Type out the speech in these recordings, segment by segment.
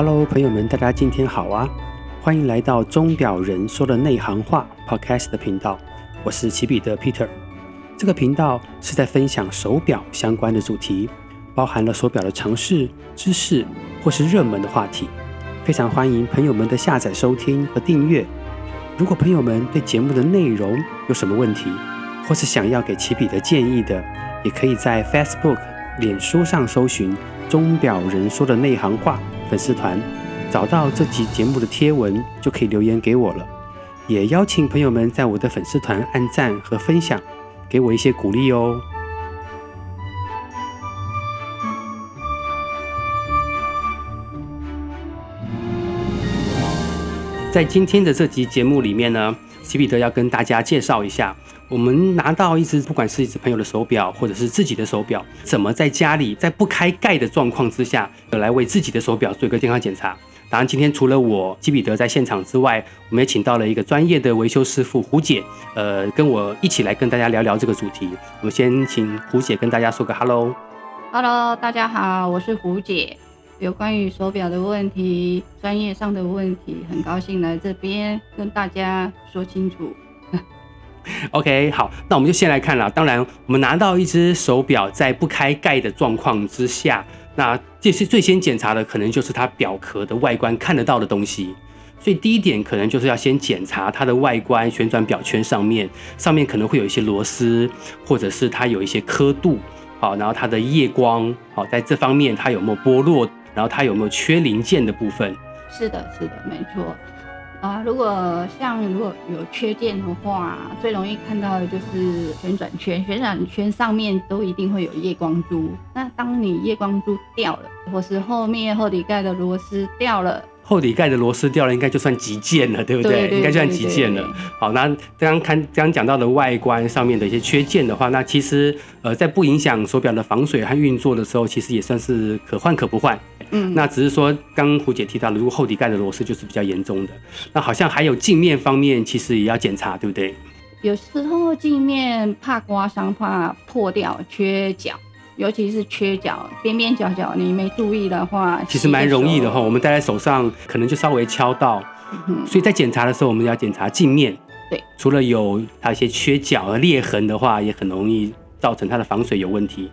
Hello，朋友們，大家今天好啊！歡迎來到《鐘錶人說的內行話》Podcast 頻道，我是齊彼得 Peter。這個頻道是在分享手錶相關的主題，包含了手錶的常識、知識或是熱門的話題。非常歡迎朋友們的下載、收聽和訂閱。如果朋友們對節目的內容有什麼問題，或是想要給齊彼得建議的，也可以在 Facebook、臉書上搜尋《鐘錶人說的內行話》。粉絲團，找到這集節目的貼文，就可以留言給我了。也邀請朋友們在我的粉絲團按讚和分享，給我一些鼓勵哦。在今天的這集節目裡面呢。齊彼得要跟大家介紹一下，我們拿到一只不管是一只朋友的手錶，或者是自己的手錶，怎麼在家裡在不開蓋的狀況之下，來為自己的手錶做一個健康檢查。當然，今天除了我齊彼得在現場之外，我們也請到了一個專業的維修師傅虎姐，呃，跟我一起來跟大家聊聊這個主題。我們先請虎姐跟大家說個哈嘍。哈嘍，大家好，我是虎姐。有關於手表的問題，專業上的問題，很高興來這邊跟大家說清楚。 OK，好，那我們就先來看啦。當然，我們拿到一只手表，在不開蓋的狀況之下，那這是最先檢查的，可能就是它表殼的外觀看得到的東西。所以第一點，可能就是要先檢查它的外觀，旋轉表圈上面，上面可能會有一些螺絲，或者是它有一些刻度，好，然後它的夜光，好，在這方面它有沒有剝落？然後它有沒有缺零件的部分？是的，是的，沒錯。啊，如果像如果有缺件的話，最容易看到的就是旋轉圈，旋轉圈上面都一定會有夜光珠。那當你夜光珠掉了，或是後面後底蓋的螺絲掉了。後底蓋的螺絲掉了，應該就算急件了，對不對？對對對對對應該就算急件了。好，那剛剛看剛剛講到的外觀上面的一些缺件的話，那其實呃在不影響手表的防水和運作的時候，其實也算是可換可不換。嗯，那只是說剛虎姐提到的，如果後底蓋的螺絲就是比較嚴重的，那好像還有鏡面方面，其實也要檢查，對不對？有時候鏡面怕刮傷、怕破掉、缺角。尤其是缺角邊邊角角，你沒注意的話，其實蠻容易的哈。我們戴在手上，可能就稍微敲到。嗯、哼所以，在檢查的時候，我們要檢查鏡面。對，除了有它一些缺角裂痕的話，也很容易造成它的防水有問題。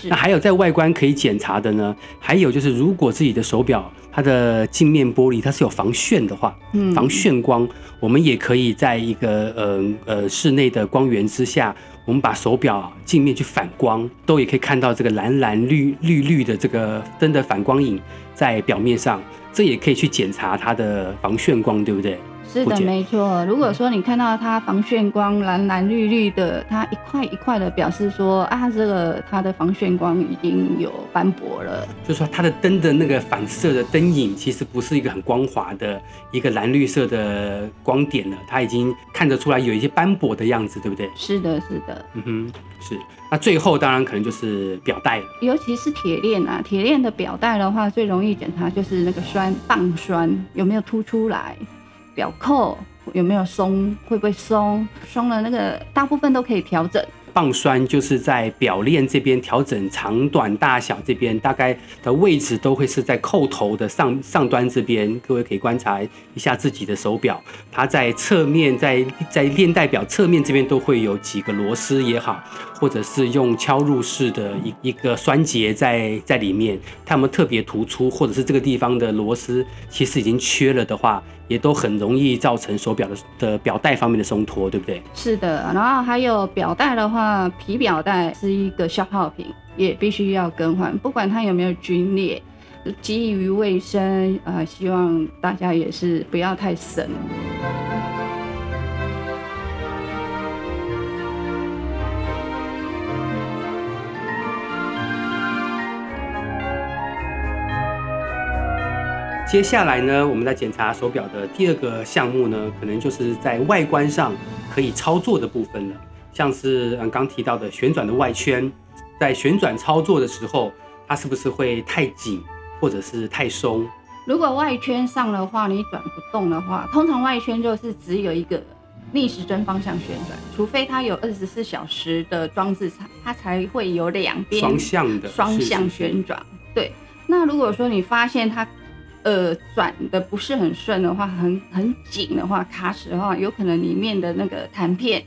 是那還有在外觀可以檢查的呢，還有就是如果自己的手錶它的鏡面玻璃它是有防眩的話，嗯，防眩光，我們也可以在一個呃呃室內的光源之下。我們把手錶鏡面去反光，都也可以看到這個藍藍綠綠綠的這個燈的反光影在表面上，這也可以去檢查它的防眩光，對不對？是的，沒錯。如果說你看到它防眩光藍藍綠綠的，它一塊一塊的，表示說啊，這個它的防眩光已經有斑駁了。就是說它的燈的那個反射的燈影，其實不是一個很光滑的一個藍綠色的光點了，它已經看得出來有一些斑駁的樣子，對不對？是的，是的。嗯哼，是。那最後當然可能就是錶帶了，尤其是鐵鏈啊，鐵鏈的錶帶的話最容易檢查就是那個栓棒栓有沒有凸出來。錶扣有沒有鬆？會不會鬆？鬆了那個大部分都可以調整。放栓就是在錶鏈這邊調整長短大小，這，這邊大概的位置都會是在扣頭的上上端這邊。各位可以觀察一下自己的手錶，它在側面，在在鏈帶錶側面這邊都會有幾個螺絲也好，或者是用敲入式的一一個栓結在在裡面。它有沒有特別突出，或者是這個地方的螺絲其實已經缺了的話，也都很容易造成手錶的的錶帶方面的鬆脫，對不對？是的，然後還有錶帶的話。那皮表帶是一個消耗品，也必須要更換，不管它有沒有龜裂。基於衛生，啊、呃，希望大家也是不要太省。接下來呢，我們在檢查手表的第二個項目呢，可能就是在外觀上可以操作的部分了。像是嗯剛剛提到的旋轉的外圈，在旋轉操作的時候，它是不是會太緊，或者是太鬆？如果外圈上的話，你轉不動的話，通常外圈就是只有一個逆時針方向旋轉，除非它有二十四小時的裝置，它才會有兩邊雙向的是，是雙向旋轉。對，那如果說你發現它呃轉得，不是很順的話，很很緊的話，卡死的話，有可能裡面的那個彈片。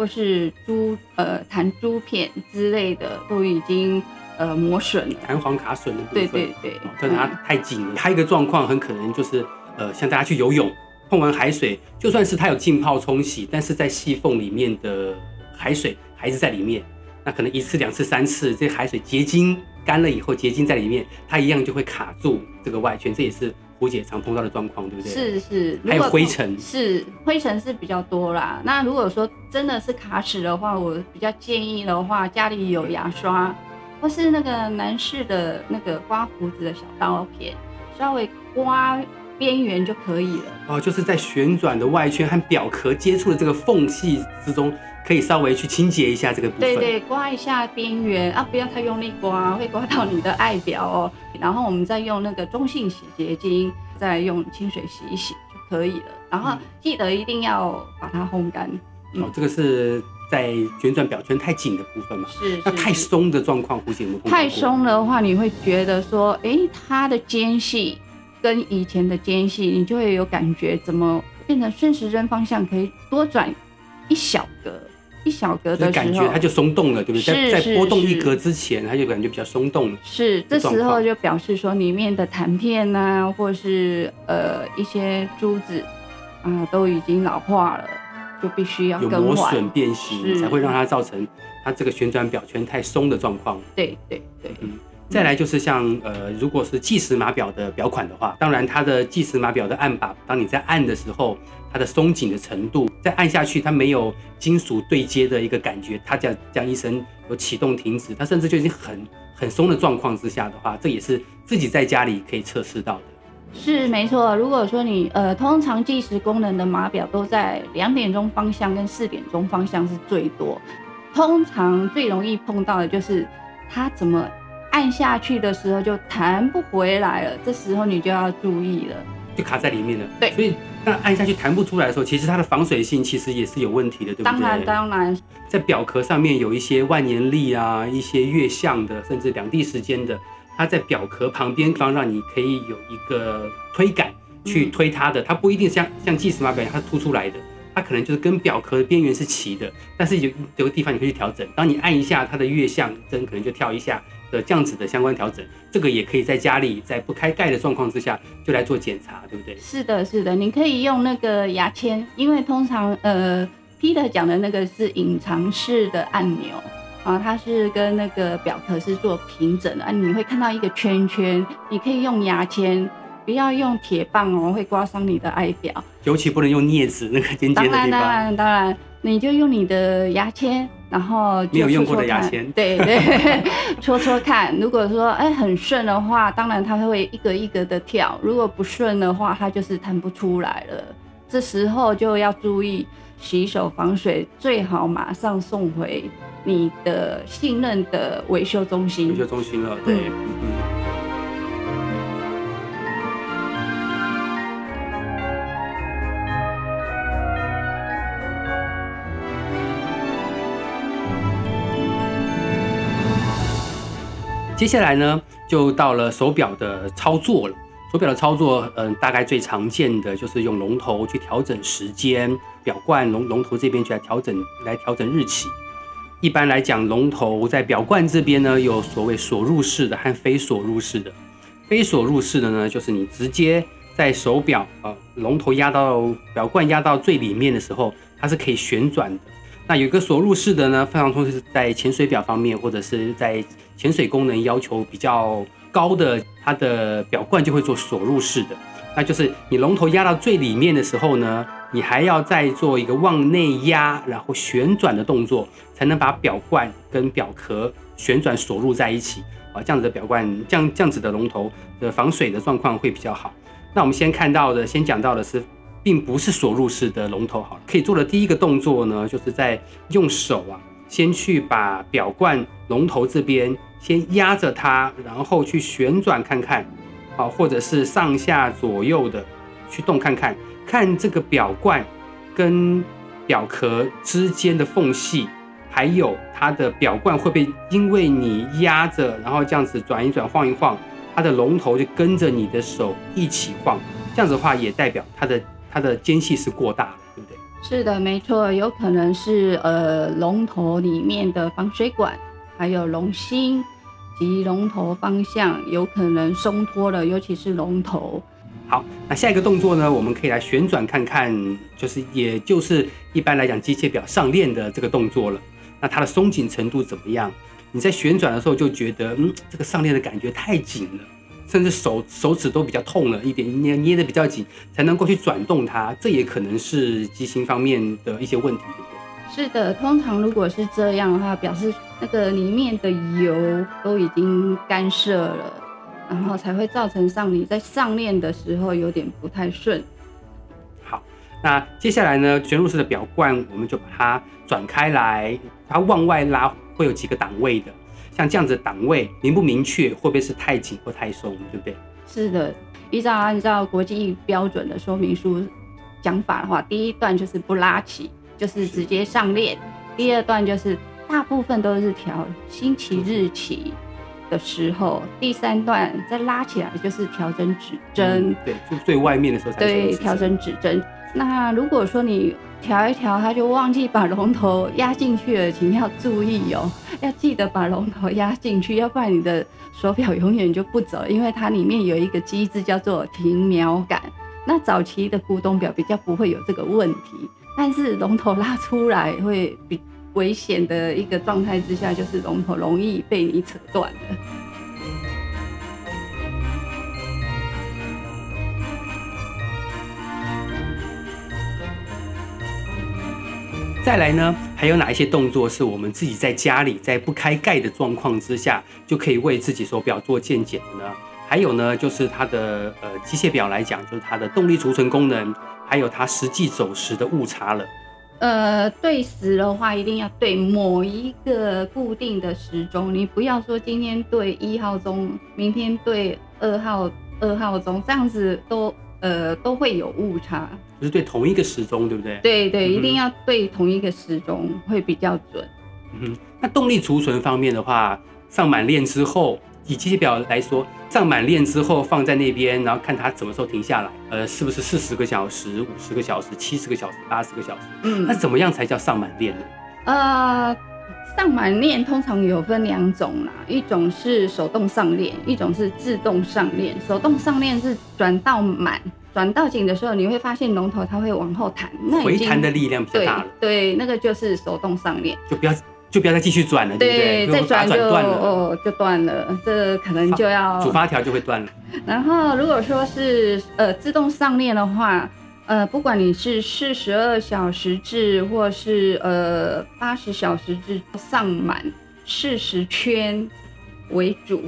或是珠、呃彈珠片之類的都已經呃磨損了，彈簧卡榫的部分。對對，但它太緊了。它一個狀況很可能就是呃，像大家去游泳，碰完海水，就算是它有浸泡沖洗，但是在細縫裡面的海水還是在裡面。那可能一次兩次三次，這海水結晶乾了以後結晶在裡面，它一樣就會卡住這個外圈，這也是。虎姐常碰到的狀況，對不對？是是，還有灰塵，是灰塵是比較多啦。那如果說真的是卡齒的話，我比較建議的話，家裡有牙刷或是那個男士的那個刮鬍子的小刀片，稍微刮邊緣就可以了。哦，就是在旋轉的外圈和錶殼接觸的這個縫隙之中。可以稍微去清潔一下這個部分，對對，刮一下邊緣啊，不要太用力刮，會刮到你的愛錶哦。然後我們再用那個中性洗潔精，再用清水洗一洗就可以了。然後記得一定要把它烘乾、嗯、哦。這個是在旋轉錶圈太緊的部分嘛？是。是那太鬆的狀況，虎姐呢？太鬆的話，你會覺得說，哎，它的間隙跟以前的間隙，你就會有感覺怎麼變成順時針方向可以多轉一小格。一小格的感覺，它就鬆動了，對不對？在是在撥動一格之前，是它就感覺比較鬆動了。是，這時候就表示說，裡面的彈片啊，或是呃一些珠子啊、嗯，都已經老化了，就必須要有磨損變形，是才會讓它造成它這個旋轉表圈太鬆的狀況。對對對。嗯再來就是像呃，如果是計時碼錶的錶款的話，當然它的計時碼錶的按把，當你在按的時候，它的鬆緊的程度，再按下去它沒有金屬對接的一個感覺，它叫將一聲有啟動停止，它甚至就已經很很鬆的狀況之下的話，這也是自己在家裡可以測試到的。是沒錯，如果說你呃，通常計時功能的碼錶都在兩點鐘方向跟四點鐘方向是最多，通常最容易碰到的就是它怎麼。按下去的時候就彈不回來了，這時候你就要注意了，就卡在裡面了。對，所以那按下去彈不出來的時候，其實它的防水性其實也是有問題的，對不對？當然，當然，在表殼上面有一些萬年曆啊、一些月相的，甚至兩地時間的，它在表殼旁邊方讓你可以有一個推桿去推它的，它不一定像像計時碼表，它是突出來的，它可能就是跟表殼邊緣是齊的，但是有有一個地方你可以去調整。當你按一下它的月相針，可能就跳一下。的這樣子的相關調整，這個也可以在家裡，在不開蓋的狀況之下就來做檢查，對不對？是的，是的，你可以用那個牙籤，因為通常呃，Peter 講的那個是隱藏式的按鈕啊，它是跟那個錶殼是做平整的啊，你會看到一個圈圈，你可以用牙籤，不要用鐵棒哦，會刮傷你的愛錶，尤其不能用鑷子那個尖尖的地方。當然，當然，當然，你就用你的牙籤。然後沒有用過的牙籤，對對，戳戳看。如果說哎很順的話，當然它會一個一個的跳；如果不順的話，它就是彈不出來了。這時候就要注意洗手防水，最好馬上送回你的信任的維修中心。維修中心了，對，接下來呢，就到了手錶的操作了。手錶的操作，嗯、呃，大概最常見的就是用龍頭去調整時間，錶冠龍龍頭這邊就來調整，來調整日期。一般來講，龍頭在錶冠這邊呢，有所謂鎖入式的和非鎖入式的。非鎖入式的呢，就是你直接在手錶啊、呃、龍頭壓到錶冠壓到最裡面的時候，它是可以旋轉的。那有一個鎖入式的呢，非常通常是在潛水表方面，或者是在潛水功能要求比較高的，它的表冠就會做鎖入式的。那就是你龍頭壓到最裡面的時候呢，你還要再做一個往內壓，然後旋轉的動作，才能把表冠跟表殼旋轉鎖入在一起啊。這樣子的表冠，這樣這樣子的龍頭的，呃，防水的狀況會比較好。那我們先看到的，先講到的是。並不是鎖入式的龍頭，好了，可以做的第一個動作呢，就是在用手啊，先去把錶冠龍頭這邊先壓着它，然後去旋轉看看，好，或者是上下左右的去動看看，看這個錶冠跟錶殼之間的縫隙，還有它的表冠會不會，因為你壓着，然後這樣子轉一轉晃一晃，它的龍頭就跟着你的手一起晃，這樣子的話也代表它的。它的間隙是過大的，對不對？是的，沒錯，有可能是呃龍頭裡面的防水管，還有龍芯及龍頭方向有可能鬆脫了，尤其是龍頭。好，那下一個動作呢？我們可以來旋轉看看，就是也就是一般來講機械錶上鏈的這個動作了。那它的鬆緊程度怎麼樣？你在旋轉的時候就覺得，嗯，這個上鏈的感覺太緊了。甚至手手指都比較痛了一點，捏捏得比較緊才能夠去轉動它，這也可能是機芯方面的一些問題，對不對？是的，通常如果是這樣的話，表示那個裡面的油都已經乾澀了，然後才會造成上你在上鏈的時候有點不太順。好，那接下來呢，旋入式的錶冠我們就把它轉開來，它往外拉會有幾個檔位的。像這樣子的檔位明不明確，會不會是太緊或太鬆，對不對？是的，依照按照國際標準的說明書講法的話，第一段就是不拉起，就是直接上鏈；的第二段就是大部分都是調星期日起的時候；的第三段再拉起來就是調整指針、嗯。對，就最外面的時候。對，調整指針。那如果說你調一調，它就忘記把龍頭壓進去了，請要注意哦，要記得把龍頭壓進去，要不然你的手錶永遠就不走了，因為它裡面有一個機制叫做停秒桿。那早期的古董錶比較不會有這個問題，但是龍頭拉出來會比危險的一個狀態之下，就是龍頭容易被你扯斷了。再來呢，還有哪一些動作是我們自己在家裡在不開蓋的狀況之下就可以為自己手表做健檢的呢？還有呢，就是它的呃機械錶來講，就是它的動力儲存功能，還有它實際走時的誤差了。呃，對時的話一定要對某一個固定的時鐘，你不要說今天對一號鐘，明天對二號二號鐘，這樣子都。呃，都會有誤差，就是對同一個時鐘，對不對？對對，嗯哼。一定要對同一個時鐘會比較準。嗯哼，那動力儲存方面的話，上滿鏈之後，以機械錶來說，上滿鏈之後放在那邊，然後看它什麼時候停下來，呃，是不是四十個小時、五十個小時、七十個小時、八十個小時？嗯，那怎麼樣才叫上滿鏈呢？呃。上滿鏈通常有分兩種啦，一種是手動上鏈，一種是自動上鏈。手動上鏈是轉到滿、轉到緊的時候，你會發現龍頭它會往後彈，那回彈的力量比較大了。對，對，那個就是手動上鏈，就不要就不要再繼續轉了，對，對不對？對對，再轉就哦就斷了，這可能就要主發條就會斷了。然後如果說是呃自動上鏈的話。呃，不管你是四十二小時制，或是呃八十小時制，上滿四十圈為主，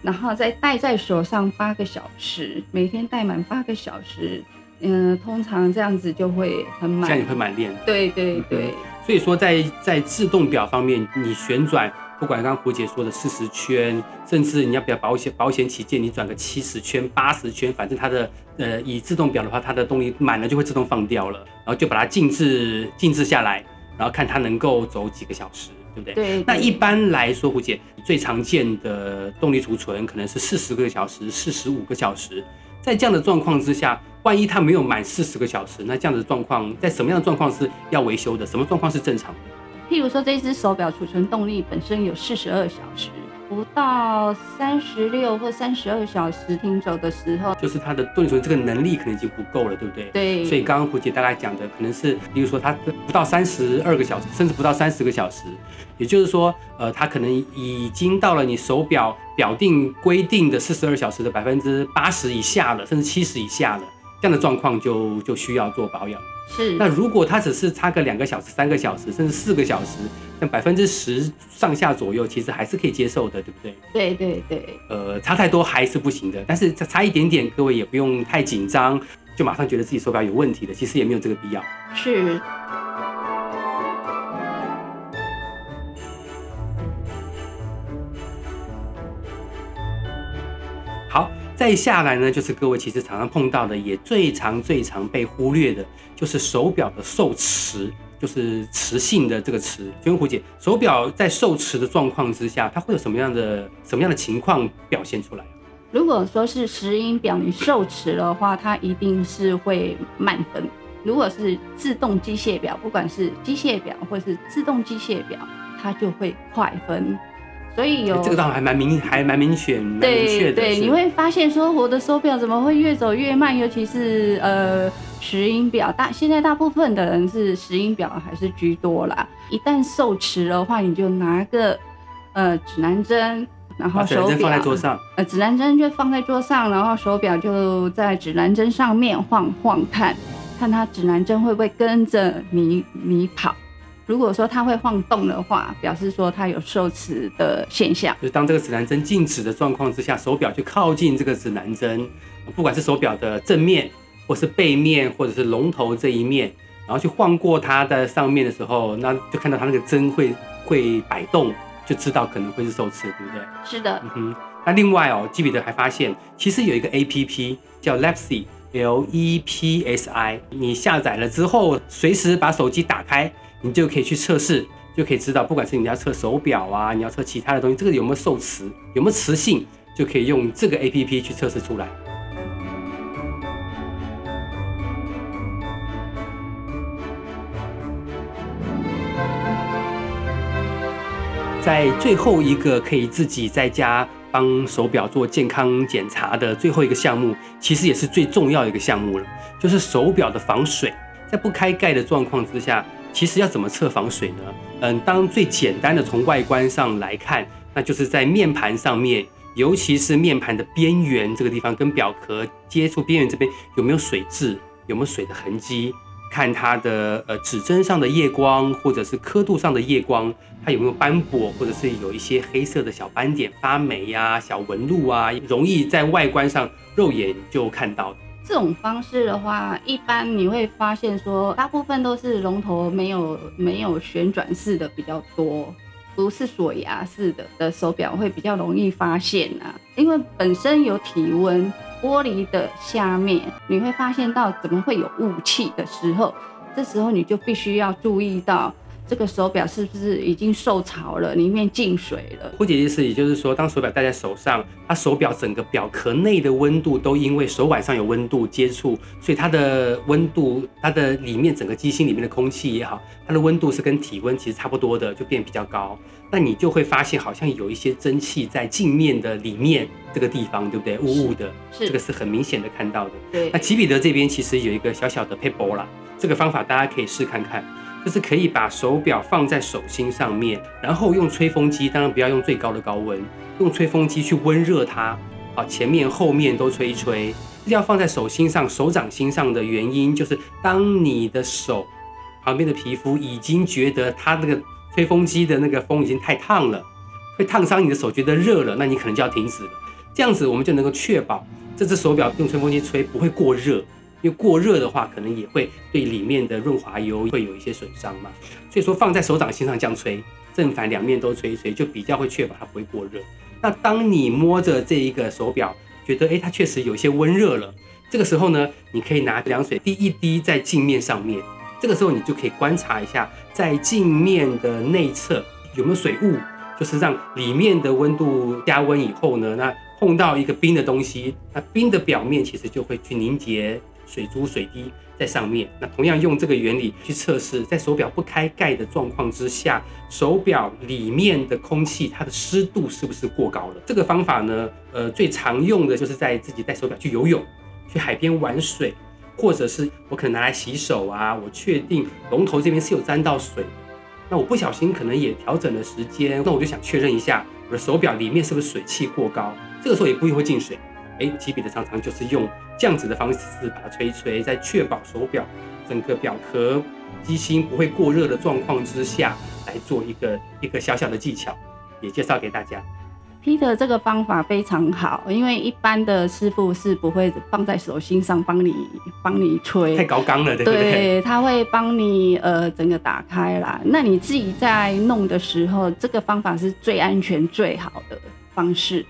然後再戴在手上八個小時，每天戴滿八個小時，嗯、呃，通常這樣子就會很滿。這樣你會滿練，對對對、嗯。所以說在，在在自動錶方面，你旋轉。不管剛虎姐說的四十圈，甚至你要比較保險，保險起見，你轉個七十圈，八十圈，反正它的呃，以自動表的話，它的動力滿了就會自動放掉了，然後就把它靜置靜置下來，然後看它能夠走幾個小時，對不對？對。對那一般來說，虎姐最常見的動力儲存可能是四十個小時，四十五個小時。在這樣的狀況之下，萬一它沒有滿四十個小時，那這樣的狀況在什麼樣的狀況是要維修的？什麼狀況是正常的？譬如說，這一隻手錶儲存動力本身有四十二小時，不到三十六或三十二小時停走的時候，就是它的動存這個能力可能已經不夠了，對不對？對。所以剛剛虎姐大概講的，可能是，例如說它不到三十二個小時，甚至不到三十個小時，也就是說，呃，它可能已經到了你手錶表定規定的四十二小時的百分之八十以下了，甚至七十以下了。這樣的狀況就就需要做保養。是，那如果它只是差個兩個小時、三個小時，甚至四個小時，那百分之十上下左右，其實還是可以接受的，對不對？對對對，呃，差太多還是不行的。但是差一點點，各位也不用太緊張，就馬上覺得自己手表有問題的，其實也沒有這個必要。是。再下來呢，就是各位其實常常碰到的，也最常、最常被忽略的，就是手表的受磁，就是磁性的這個磁。請問虎姐，手表在受磁的狀況之下，它會有什麼樣的、什麼樣的情況表現出來？如果說是石英表你受磁的話，它一定是會慢分；如果是自動機械表，不管是機械表或是自動機械表，它就會快分。所以有這個倒還蠻明，還蠻明顯，蠻明確的。對,對,對，是。，你會發現說我的手表怎麼會越走越慢，尤其是呃石英表大。現在大部分的人是石英表還是居多啦。一旦受磁的話，你就拿個呃指南針，然後手表放在桌上。呃，指南針就放在桌上，然後手表就在指南針上面晃晃看，看它指南針會不會跟着你你跑。如果說它會晃動的話，表示說它有受磁的現象。就是當這個指南針靜止的狀況之下，手錶去靠近這個指南針，不管是手錶的正面，或是背面，或者是龍頭這一面，然後去晃過它的上面的時候，那就看到它那個針會會擺動，就知道可能會是受磁，對不對？是的。嗯哼。那另外哦，齊彼得還發現，其實有一個 A P P 叫 Lepsy L E P S I，你下載了之後，隨時把手機打開，你就可以去測試，就可以知道，不管是你要測手表啊，你要測其他的東西，這個有沒有受磁，有沒有磁性，就可以用這個 A P P 去測試出來。 在最後一個，可以自己在家。幫手錶做健康檢查的最後一個項目，其實也是最重要的一個項目了，就是手錶的防水。在不開蓋的狀況之下，其實要怎麼測防水呢？嗯，當最簡單的從外觀上來看，那就是在面盤上面，尤其是面盤的邊緣這個地方，跟錶殼接觸邊緣這邊有沒有水漬，有沒有水的痕跡？看它的呃指針上的夜光，或者是刻度上的夜光，它有沒有斑駁，或者是有一些黑色的小斑點、發霉呀，、啊、小紋路啊，容易在外觀上肉眼就看到的。這種方式的話，一般你會發現說，大部分都是龍頭沒有沒有旋轉式的比較多，不是鎖牙式的的手錶會比較容易發現啊，因為本身有體溫。玻璃的下面，你會發現到怎麼會有霧氣的時候，這時候你就必須要注意到。這個手錶是不是已經受潮了？裡面進水了？虎姐的意思，也就是說，當手錶戴在手上，它手錶整個錶殼內的溫度都因為手腕上有溫度接觸，所以它的溫度，它的裡面整個機芯裡面的空氣也好，它的溫度是跟體溫其實差不多的，就變比較高。那你就會發現，好像有一些蒸汽，在鏡面的裡面這個地方，對不對？霧霧的，是，是這個是很明顯的看到的。對。那齊彼得這邊其實有一個小小的撇步啦，這個方法大家可以試看看。就是可以把手錶放在手心上面，然後用吹風機，當然不要用最高的高溫，用吹風機去溫熱它。好，前面後面都吹一吹。要放在手心上，手掌心上的原因，就是當你的手旁邊的皮膚已經覺得它那個吹風機的那個風已經太燙了，會燙傷你的手，覺得熱了，那你可能就要停止了。這樣子我們就能夠確保這隻手錶用吹風機吹不會過熱。因為過熱的話，可能也會對裡面的潤滑油會有一些損傷嘛，所以說放在手掌心上這樣吹，正反兩面都吹一吹，就比較會確保它不會過熱。那當你摸着這一個手表，覺得誒它確實有些溫熱了，這個時候呢，你可以拿涼水滴一滴在鏡面上面，這個時候你就可以觀察一下，在鏡面的內側有沒有水霧，就是讓裡面的溫度加溫以後呢，那碰到一個冰的東西，那冰的表面其實就會去凝結。水珠，水滴在上面，那同樣用這個原理去測試，在手錶不開蓋的狀況之下，手錶裡面的空氣它的濕度是不是過高了？這個方法呢，呃，最常用的就是在自己戴手錶去游泳，去海邊玩水，或者是我可能拿來洗手啊，我確定龍頭這邊是有沾到水，那我不小心可能也調整了時間，那我就想確認一下我的手錶裡面是不是水汽過高，這個時候也不一定會進水。哎，齊彼得常常就是用這樣子的方式把它吹一吹，在確保手表整個表殼機芯不會過熱的狀況之下來做一個一個小小的技巧，也介紹給大家。Peter，這個方法非常好，因為一般的師傅是不會放在手心上幫你幫你吹，太高竿了，對，對不對？對，他會幫你呃整個打開啦。那你自己在弄的時候，這個方法是最安全最好的方式。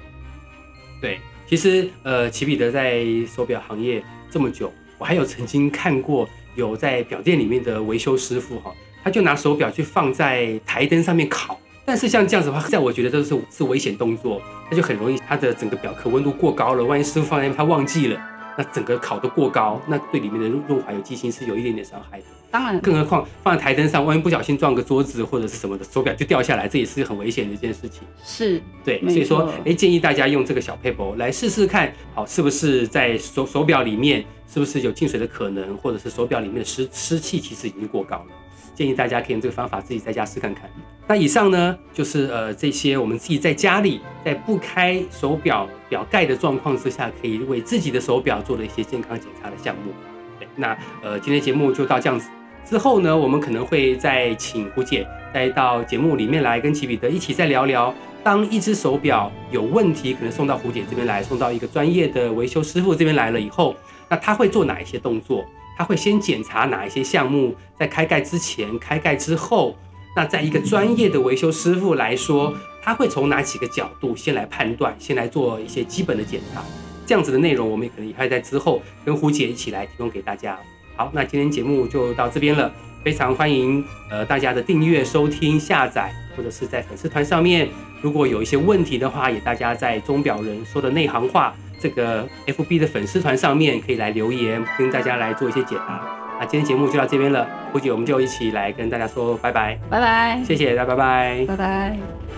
對。其實，呃，齊彼得在手錶行業這麼久，我還有曾經看過有在錶店裡面的維修師傅，哈，他就拿手錶去放在台燈上面烤。但是像這樣子的話，在我覺得這是是危險動作，那就很容易，它的整個錶殼溫度過高了。萬一師傅放在那邊他忘記了，那整個烤得過高，那對裡面的潤滑、有機芯是有一點點傷害的。當然，更何況放在台燈上，萬一不小心撞個桌子或者是什麼的，手表就掉下來，這也是很危險的一件事情。是，對，沒錯。所以說，哎、呃，建議大家用這個小 paper 來試試看，好，是不是在手手表裡面是不是有進水的可能，或者是手表裡面的濕濕氣其實已經過高了。建議大家可以用這個方法自己在家試看看。那以上呢，就是呃這些我們自己在家裡在不開手表表蓋的狀況之下，可以為自己的手表做的一些健康檢查的項目。對，那呃今天節目就到這樣子。之後呢，我們可能會再請虎姐再到節目裡面來跟齊彼得一起再聊聊，當一隻手表有問題，可能送到虎姐這邊來，送到一個專業的維修師傅這邊來了以後，那他會做哪一些動作？他會先檢查哪一些項目？在開蓋之前、開蓋之後，那在一個專業的維修師傅來說，他會從哪幾個角度先來判斷，先來做一些基本的檢查？這樣子的內容，我們也可能也會在之後跟虎姐一起來提供給大家。好，那今天節目就到這邊了。非常歡迎，呃，大家的訂閱、收聽、下載，或者是在粉絲團上面，如果有一些問題的話，也大家在“鐘表人說的內行話”這個 FB 的粉絲團上面可以來留言，跟大家來做一些解答。那今天節目就到這邊了，估計我們就一起來跟大家說拜拜，拜拜 bye，謝謝大家，拜拜，拜拜。